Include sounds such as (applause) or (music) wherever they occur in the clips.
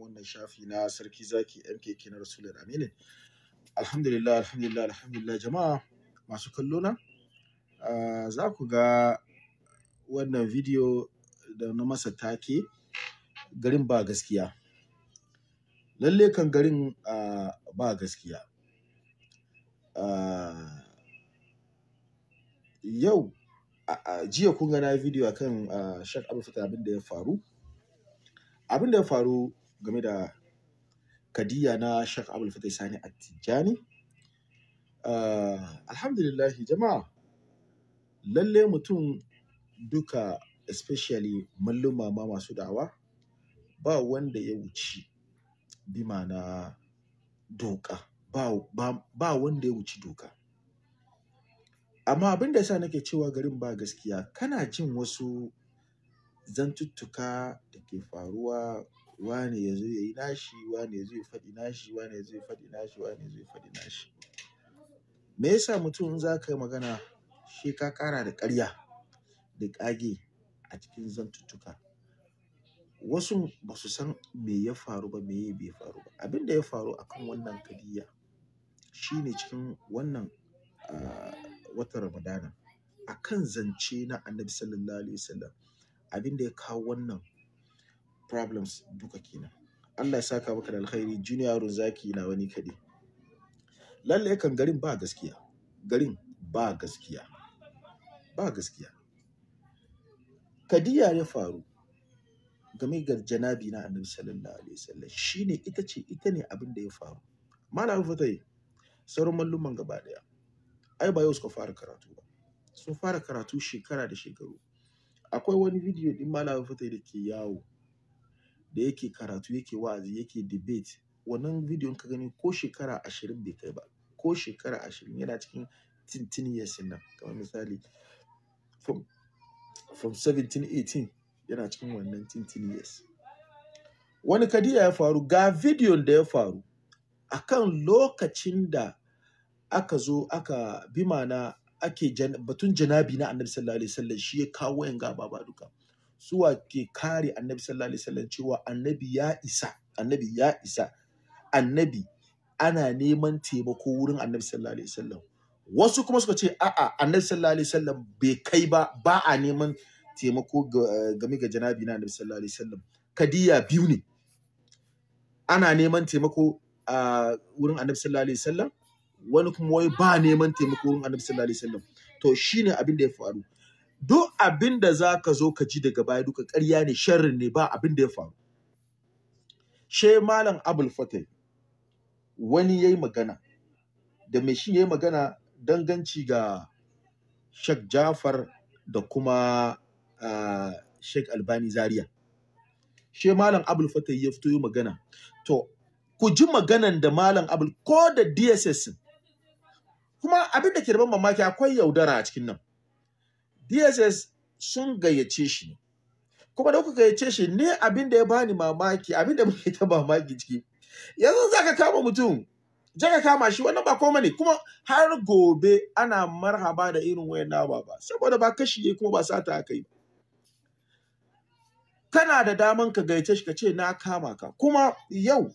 wannan shafi na sarki zaki mkk na rasulun aminu alhamdulillah alhamdulillah alhamdulillah jama'a masu kallo na ah, za ku ga wannan video da na masa take garin ba gaskiya lalle kan garin ah, ba gaskiya ah, yau jiya kun gana video akan shak abu abin da ya faru abin da ya faru game da kadiya na Sheikh Abdul Fatai Sani Attijani. Ah, alhamdulillah jama'a lalle mutum duka especially malluma ma masu dawa ba wanda ya wuci bima na doka ba, wanda ya wuci doka amma abin da sa nake cewa garin ba gaskiya kana jin wasu zantuttuka da ke faruwa wane ya zo ya yi nashi wane ya zo ya faɗi nashi wane ya zo ya faɗi nashi wane ya zo ya faɗi nashi me yasa mutum in za ka yi magana shi ka ƙara da ƙarya da ƙage a cikin zantuttuka wasu ba su san me ya faru ba me bai faru ba abin da ya faru akan wannan shi shine cikin wannan watan ramadana akan zance na annabi sallallahu alaihi wasallam abin da ya kawo wannan problems duka kenan Allah ya saka maka da alkhairi junior zaki na wani kade lalle kan garin ba gaskiya garin ba gaskiya ba gaskiya kadiya ya faru game ga janabi na annabi sallallahu alaihi wasallam shine ita ce ita ne abin da ya faru malamin fatai sauran malluman gaba daya ai ba yau suka fara karatu ba sun fara karatu shekara da shekaru akwai wani bidiyo din malamin fatai da ke yawo da yake karatu yake wa'azi yake debate wannan bidiyon ka gani ko shekara ashirin bai kai ba ko shekara ashirin yana cikin tintin yasin nan kamar misali from, from 1718 yana cikin wannan tintin years wani kadiya ya faru ga bidiyon da ya faru akan lokacin da aka zo aka bi mana ake batun janabi na annabi sallallahu alaihi wasallam shi ya kawo yanga baba duka suwa ke kare annabi sallallahu alaihi wasallam cewa annabi ya isa annabi ya isa annabi ana neman taimako wurin annabi sallallahu alaihi wasallam wasu kuma suka ce a'a annabi sallallahu alaihi wasallam bai kai ba ba a neman taimako game ga janabi na annabi sallallahu alaihi wasallam kadiya biyu ne ana neman taimako a wurin annabi sallallahu alaihi wasallam wani kuma wai ba neman taimako wurin annabi sallallahu alaihi wasallam to shine abin da ya faru duk abin da za ka zo ka ji daga baya duka karya ne sharrin ne ba abin da ya faru she malam abul fatai wani ya yi magana da mai shi ya yi magana danganci ga shek jafar da kuma uh, shek albani zaria she malam abul fatai ya fito yi magana to ku ji maganan da malam abul ko da dss kuma abin da ke da mamaki akwai yaudara a cikin nan dss sun gayyace shi ne kuma da kuka gayyace shi ne abin da ya bani mamaki abin da muke ta mamaki ciki yanzu za ka kama mutum je ka kama shi wannan ba koma ne kuma har gobe ana marhaba da irin wayan nawa ba saboda ba kashi ne kuma ba sata aka yi kana da daman ka gayyace shi ka ce na kama ka kuma yau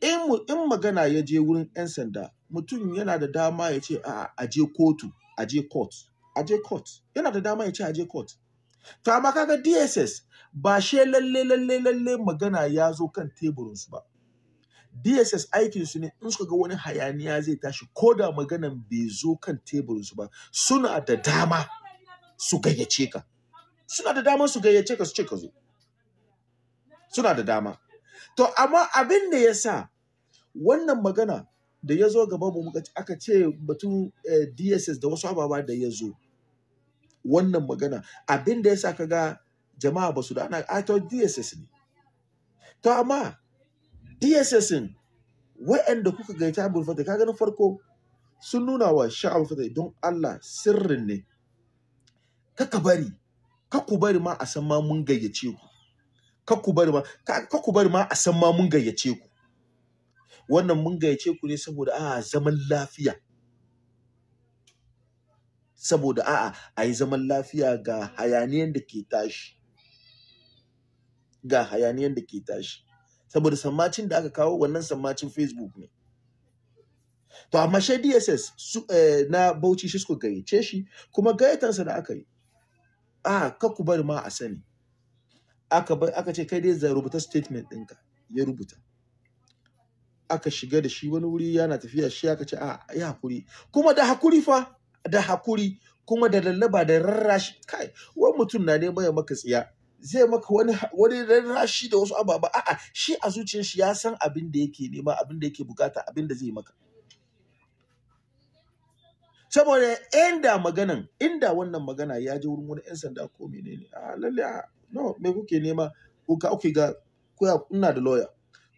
in magana ya je wurin 'yan sanda mutum yana da dama ya ce a je kotu a je court a court yana da dama ya ce a je court to amma kaga DSS ba she lalle lalle lalle magana ya zo kan teburin su ba DSS aikin su ne in suka ga wani hayaniya zai tashi ko da maganan bai zo kan teburin su ba suna da dama su gayyace ka suna da dama su gayyace ka su ce ka zo suna da dama to amma abin da ya sa wannan magana da ya zo gaba mu aka ce batun eh, dss da wasu ababa da ya zo wannan magana abin da ya sa ka ga jama'a ba su da ana ato ah, dss ne to amma dss in wa'anda kuka ta abul da ka ganin farko sun nuna wa sha'abu fata don allah sirrin ne kaka bari kaku bari ma a san ma mun gayyace ku kaku bari ma ka kaku bari ma a san ma mun gayyace ku wannan mun gayyace ku ne saboda a'a zaman lafiya saboda a'a a yi zaman lafiya ga hayaniyan da ke tashi ga hayaniyan da ke tashi saboda sammacin da aka kawo wannan sammacin facebook ne to amma shi dss su, eh, na bauchi shi suka gayyace shi kuma gayyatansa da aka yi a ku bari ma a sani aka ce kai dai za rubuta statement ɗinka ya rubuta aka shiga da shi wani wuri yana tafiya shi aka ce a ya hakuri kuma da hakuri fa da hakuri kuma da lallaba da rarrashi kai wani mutum na neman ya maka tsiya zai maka wani wani rarrashi da wasu ababa a shi a zuciyar shi ya san abin da yake nema abin da yake bukata abin da zai maka saboda inda maganan inda wannan magana ya je wurin wani yan sanda ko menene a lalle a no me kuke nema ko ka kuke ga ko ina da lawyer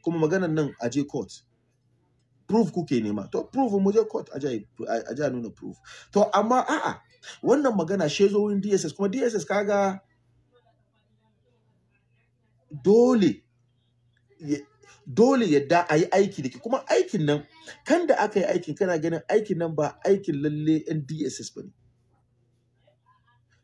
kuma maganan nan a je court proof kuke nema to proof mu je court a ja nuna proof to amma a'a wannan magana she zo wurin DSS kuma DSS kaga dole dole yadda a yi aiki da ke kuma aikin nan kan da aka yi aikin kana ganin aikin nan ba aikin lalle yan dss ba ne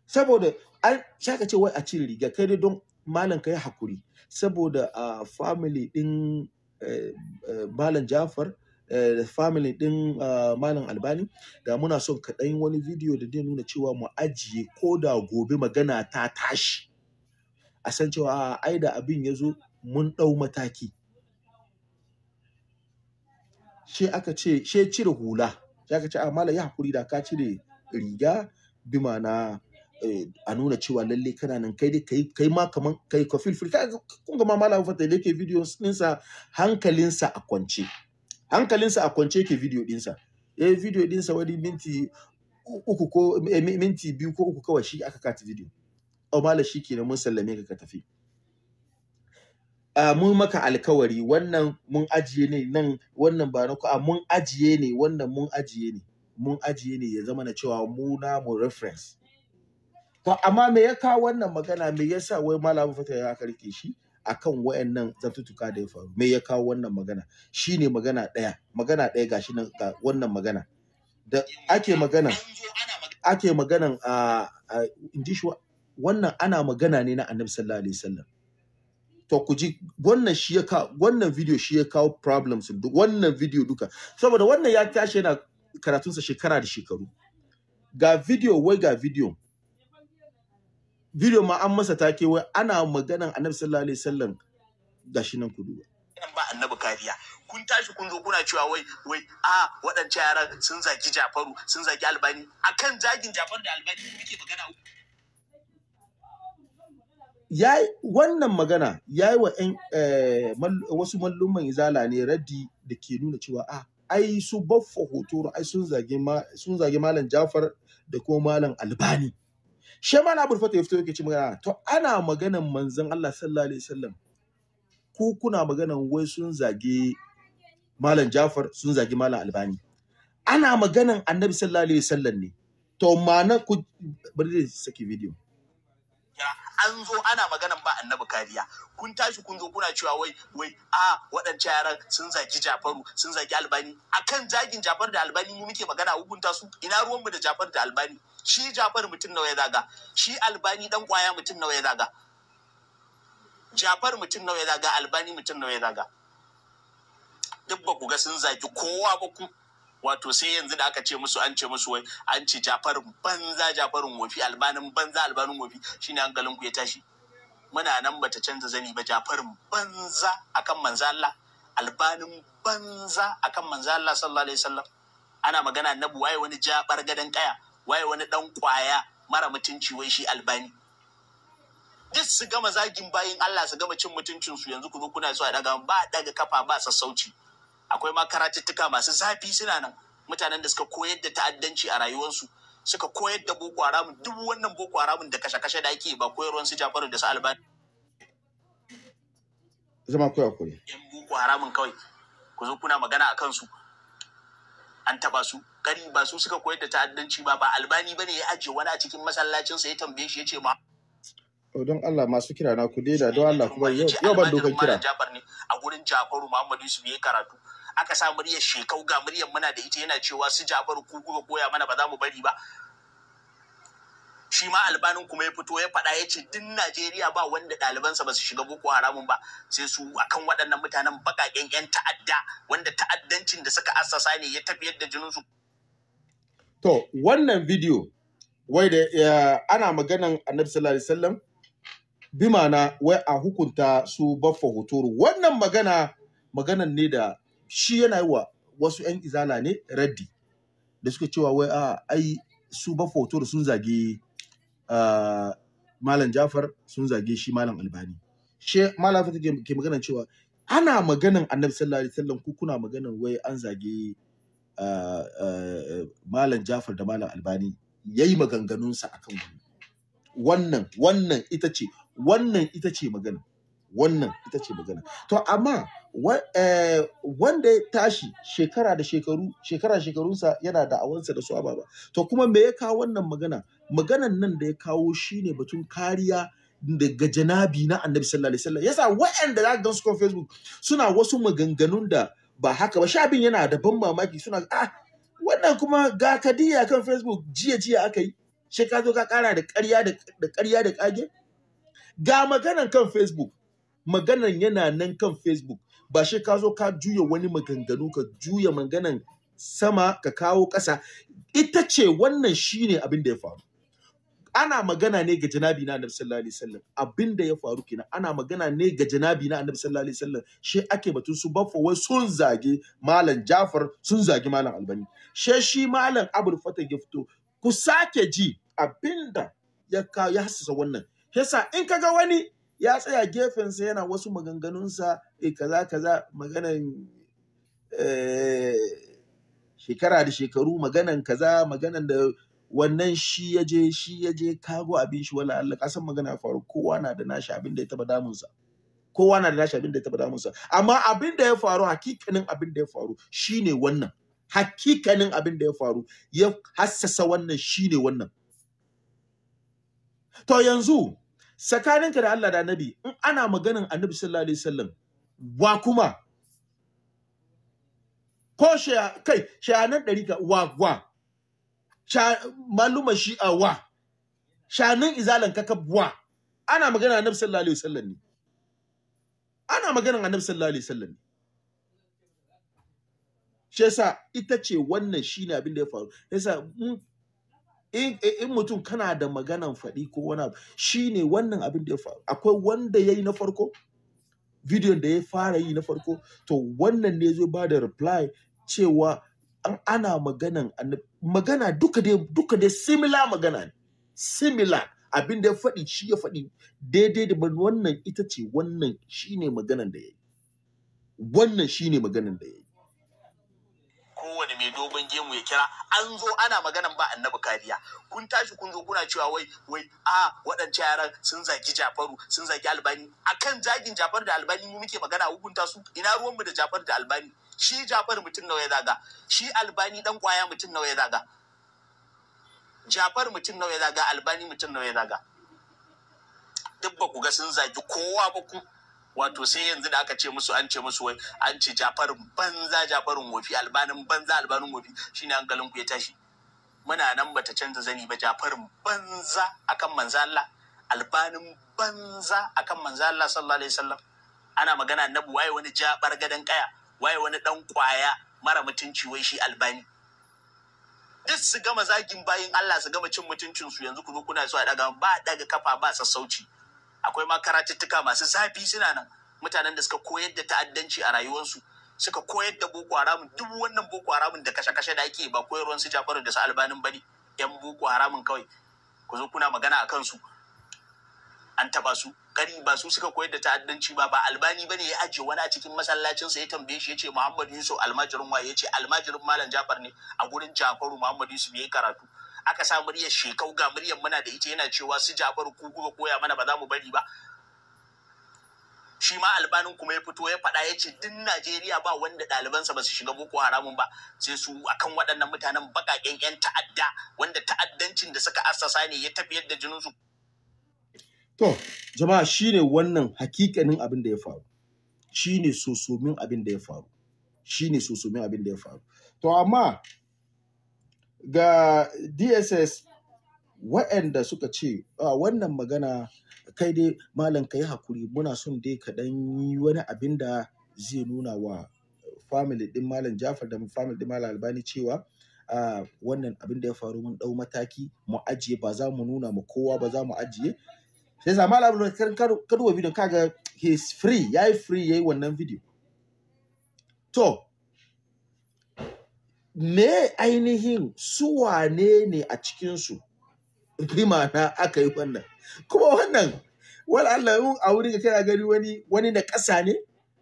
saboda an shaka ce wai a cire riga kai dai don malam ka yi hakuri saboda a family din eh, eh, malam Jafar eh, da family din malam Albani da muna son ka ɗan wani video da zai nuna cewa mu ajiye ko da gobe magana ta tashi a san cewa ai da abin ya zo mun ɗau mataki she aka ce she cire hula ya aka ce a malam ya hakuri da ka cire riga ma na Eh, a nuna cewa lalle kana nan kai dai kai kai ma kaman kai ka feel free kun ga ma malam fata da yake video ɗinsa hankalinsa a kwance hankalinsa a kwance yake video ɗinsa eh video ɗinsa wani minti uku ko eh, minti biyu ko uku kawai shi aka kata video o malam shi kenan mun sallame ka ka tafi a ah, mun maka alkawari wannan mun ajiye ne nan wannan ba na a ah, mun ajiye ne wannan mun ajiye ne mun ajiye ne ya zama na cewa mu na mu reference to amma me ya kawo wannan magana me ya sa wai malamin fata ya karke shi akan wayannan zantuttuka da ya faru me ya kawo wannan magana shine magana ɗaya magana ɗaya gashi nan ga wannan magana da ake magana ake magana a inji shi wannan ana magana ne na annabi sallallahu alaihi wasallam to ku ji wannan shi ya kawo wannan video shi ya kawo problems wannan video duka saboda wannan ya tashi yana karatunsa shekara da shekaru ga video wai ga video video ma an masa take wai ana maganan annabi sallallahu alaihi wasallam gashi nan ku duba yan ba annabi kariya kun tashi kun zo kuna cewa wai wai a waɗancan yaran sun zagi Jafaru sun zagi Albani akan zagin Jafaru da Albani kuke magana ya wannan magana ya yi wa eh, wasu malluman izala ne raddi da ke nuna cewa a ai su baffa hoto ai sun zage malam Jafar da kuma malam Albani shi ma na burfata ya fito yake ci magana to ana maganan manzon Allah sallallahu alaihi wasallam ku kuna maganan wai sun zage malam Jafar sun zage malam Albani ana maganan annabi sallallahu alaihi wasallam ne to ma'ana ku bari saki video an zo ana maganan ba annabi kariya kun tashi kun zo kuna cewa wai wai a waɗancan yaran sun zagi jafaru sun zagi albani akan zagin jafar da albani mu muke magana hukunta su ina ruwanmu da jafar da albani shi jafar mutum nawa ya zaga shi albani dan kwaya mutum nawa ya zaga jafar mutum nawa ya zaga albani mutum nawa ya zaga duk ba ku ga sun zagi kowa ba ku wato sai yanzu da aka ce musu an ce musu wai an ce jafarin banza jafarin wofi albanin banza albanin wofi shine hankalin ku ya tashi muna nan bata canza zani ba jafarin banza akan manzo Allah albanin banza akan manzo Allah sallallahu alaihi wasallam ana magana annabi waye wani jabar gadan kaya waye wani dan kwaya mara mutunci wai shi albani duk su gama zagin bayin Allah su gama cin mutuncinsu yanzu ku zo kuna so a daga ba daga kafa ba sassauci akwai ma karatuttuka masu zafi suna nan mutanen da suka koyar da ta'addanci a rayuwarsu suka koyar da boko haramun duk wannan boko haramun da kashe-kashe da ake ba koyarwar su jafaru da su albani zama koya koyi yan boko haramun kawai ku zo kuna magana a kansu an taba su kari ba su suka koyar da ta'addanci ba ba albani bane ya ajiye wani a cikin masallacinsa ya tambaye shi ya ce ma don Allah masu kira na ku daida don Allah kuma yau ban dokan kira a gurin Jafaru Muhammadu su yi karatu aka sa muryar shekau ga muryar muna da ita yana cewa su Jafaru ku kuka koya mana ba za mu bari ba shi ma albanin kuma ya fito ya faɗa ya ce duk Najeriya ba wanda ɗalibansa ba su shiga boko haramun ba sai su akan waɗannan mutanen baƙaƙen 'yan ta'adda wanda ta'addancin da suka assasa ne ya tafiyar da jininsu. To wannan bidiyo wai da eh, ana maganan Annabi sallallahu alaihi wasallam bimana wai a hukunta su baffa hotoro wannan magana maganan ne da shi yana yi wa wasu 'yan izala ne raddi da suka cewa wai a ai su baffa hotoro sun zage malam jafar sun zage shi malam albani she malam fata ke magana cewa ana maganan annabi sallallahu alaihi wasallam ku kuna maganan wai an zage malam jafar da malam albani Ya yi maganganunsa akan kan wannan wannan ita ce wannan ita ce magana wannan ita ce magana to amma eh, wanda ya tashi shekara da shekaru shekara shekarunsa yana da awansa da su ababa to kuma me ya kawo wannan magana maganan nan da ya kawo shine batun kariya daga janabi na annabi sallallahu alaihi wasallam yasa waɗanda za ka su kan facebook suna wasu maganganun da ba haka ba sha bin yana da ban mamaki suna ah wannan kuma ga kadiya kan facebook jiya jiya aka yi sai ka zo ka kara da ƙarya da ƙarya da ƙage ga maganan kan facebook maganan yana nan kan facebook ba shi ka zo ka juya wani maganganu ka juya maganan sama ka kawo ƙasa ita ce wannan shine abin da ya faru ana magana ne ga janabi na annabi sallallahu alaihi wasallam abin da ya faru kenan ana magana ne ga janabi na annabi sallallahu alaihi wasallam shi ake batun su baffa wai sun zage malam Jafar sun zage malam Albani she shi malam Abul Fatah ya fito ku sake ji abinda ya ya hasasa wannan yasa in kaga wani ya tsaya gefensa yana wasu maganganunsa e kaza kaza maganan eh, shekara da shekaru maganan kaza maganan da wannan shi ya je shi ya je kago abin shi wala Allah kasan magana faru kowa na da nashi abin da ya taba damunsa kowa na da nashi abin da ya taba damunsa amma abin da ya faru hakikanin abin da ya faru shine wannan hakikanin abin da ya faru ya hassasa wannan shine wannan to yanzu tsakaninka da Allah da annabi in ana maganin annabi sallallahu alaihi wasallam wa kuma ko shaya kai dari ka wa wa maluma shi a wa shayanan izalan ka wa ana maganin annabi sallallahu alaihi wasallam ne ana maganin annabi sallallahu alaihi wasallam ne shi ita ce wannan shine abin da ya faru yasa mun in mutum kana da maganan faɗi ko wani abu Shi ne wannan abin da ya faru akwai wanda ya yi na farko bidiyon da ya fara yi na farko to wannan ne zai ba da reply cewa an ana maganan magana duka dai duka dai similar magana ne similar abin da ya faɗi shi ya faɗi daidai da wannan ita ce wannan shine maganan da ya yi wannan ne maganan da ya yi kowane mai dogon gemu ya kira an zo ana maganan ba annabi kariya kun tashi kun zo kuna cewa wai wai a waɗancan yaran sun zagi jafaru sun zagi albani akan zagin jafar da albani mu muke magana hukunta su ina ruwanmu da jafar da albani shi jafar mutum nawa ya zaga shi albani dan kwaya mutum nawa ya zaga jafar mutum nawa ya zaga albani mutum nawa ya zaga duk ba ku ga sun zagi kowa ba ku wato sai yanzu da aka ce musu an ce musu wai an ce jafarin banza jafarin wofi albanin banza albanin wofi shine hankalin ku ya tashi muna nan bata canza zani ba jafarin banza akan manzo Allah albanin banza akan manzo Allah sallallahu alaihi wasallam ana magana annabi waye wani jabar gadan kaya waye wani dan kwaya mara mutunci wai shi albani duk su gama zagin bayin Allah su gama cin mutuncin su yanzu ku zo kuna so a daga ba daga kafa ba sassauci akwai ma karatuttuka masu zafi suna nan mutanen da suka koyar da ta'addanci a rayuwarsu suka koyar da boko haramun duk wannan boko haramun da kashe-kashe da ake ba koyarwar su da su albanin ne yan boko haramun kawai ku zo kuna magana a kansu an taba su kari ba su suka koyar da ta'addanci ba ba albani ba ne ya ajiye wani a cikin masallacinsa ya tambaye shi ya ce Muhammadu Yusuf almajirin wa ya ce almajirin malam Jafar ne a gurin Jafaru Muhammadu Yusuf ya yi karatu aka sa muryar shekau ga muryar muna da ita yana cewa su jabar ku kuka koya mana ba za mu bari ba shi ma albanin kuma ya fito ya faɗa ya ce duk najeriya ba wanda ɗalibansa ba su shiga boko haramun ba sai su akan waɗannan mutanen baƙaƙen 'yan ta'adda wanda ta'addancin da suka assasa ne ya tafiyar da jininsu To, jama'a shi wannan hakikanin abin da ya faru. Shi sosomin abin da ya faru. Shi sosomin abin da ya faru. To, amma ga dss waɗanda suka ce a wannan magana kai dai malam ka yi hakuri muna son dai kaɗan yi wani abin da zai nuna wa family ɗin malam jafar da family din malam albani cewa a wannan abin da ya faru mun ɗau mataki mu ajiye ba za mu nuna mu kowa ba za mu ajiye sai sa malam abdulkarim kaduwa bidiyon kaga he is free ya yi free ya yi wannan bidiyo to me ainihin su wane ne a cikinsu limana aka yi wannan kuma wannan wani Allah a wurin kana gari wani wani na ƙasa ne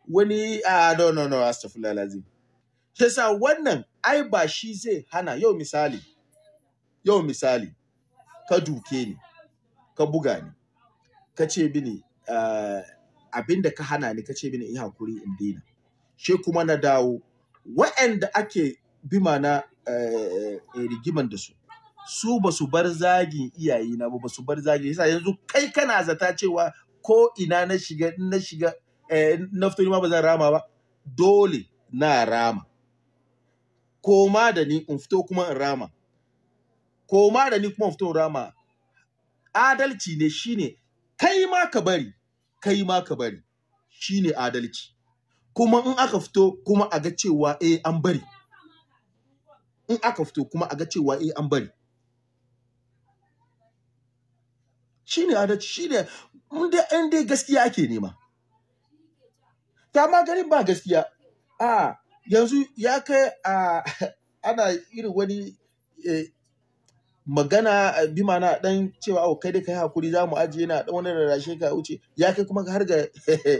wani a no no no astaghfirullah lazim sa wannan ai ba shi zai hana yau misali yau misali ka duke ni ka buga ni ka ce bini, uh, abinda ka hana ni ka ce mini in hakuri in daina shi kuma na dawo wa'anda ake bi mana eh, eh, rigiman da su su ba su bar zagin iyaye na ba su bar zagin yasa yanzu kai kana zata cewa ko ina na shiga na shiga eh, na fito ma ba zan rama ba dole na rama ma da ni in fito kuma in rama ma da ni kuma in fito in rama adalci ne shine kai ma ka bari kai ma ka bari shine adalci kuma in aka fito kuma a ga cewa eh an bari in aka fito kuma a ga cewa eh an bari shine adalci shine mun da dai gaskiya ake nema ta ma ba gaskiya a yanzu ya kai a (laughs) ana irin wani e, magana bi mana dan cewa au oh, kai dai kai hakuri za mu ajiye na dan wani rarashe ka wuce ya kai kuma har ga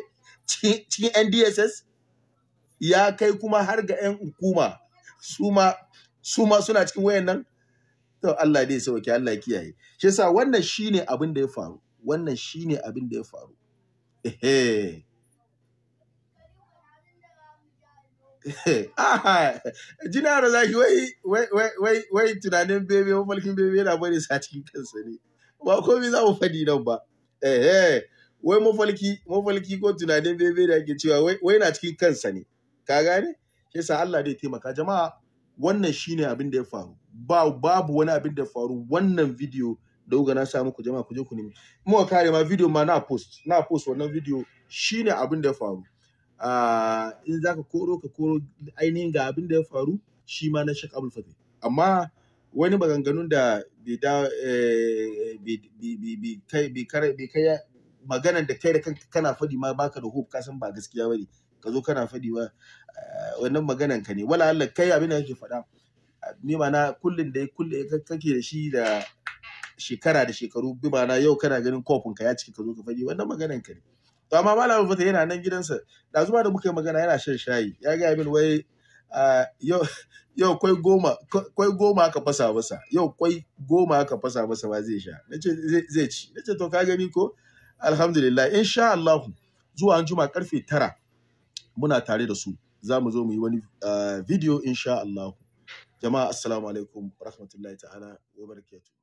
(laughs) cikin NDSS ya kai kuma har ga 'yan hukuma su ma su ma suna cikin wayannan to Allah dai sauke Allah kiyaye shi yasa wannan shine abin da ya faru wannan shine abin da ya faru ehe jina da zaki wai wai wai tunanin bebe mafalkin bebe yana bari sa cikin kansa ne ba komai za mu fadi nan ba ehe wai mafalki mafalki ko tunanin bebe da ake cewa wai na cikin kansa ne ka gane shi yasa Allah dai taimaka jama'a wannan shine abin da ya faru ba babu wani abin da ya faru wannan video da uga na sa muku jama'a ku je ku nemi mu kare ma video ma na post na post wannan video shine abin da ya faru ah, in zaka koro ka koro ainihin ga abin da ya faru shi ma na shek abul Fatih amma wani maganganun da bai da eh, bai kai maganan da kai da kanka kana fadi ma baka da hope kasan ba gaskiya bane ka zo kana fadi ba wannan maganan ka ne wala Allah kai abin da kake faɗa ni ma'ana kullun da kullun kake da shi da shekara da shekaru bi ma'ana yau kana ganin kofin ka ya ciki ka zo ka faɗi wannan maganan ka ne to amma malamin fata yana nan gidansa da zuwa da muka yi magana yana shan shayi ya ga min wai yau yau kwai goma kwai goma aka fasa masa yau kwai goma aka fasa masa ba zai sha nace zai ci nace to ka gani ko alhamdulillah insha Allah zuwa anjima karfe tara muna tare da su za mu zo mu yi wani eh, video insha Allah jama'a assalamu alaikum rahmatullahi ta'ala wa barakatuh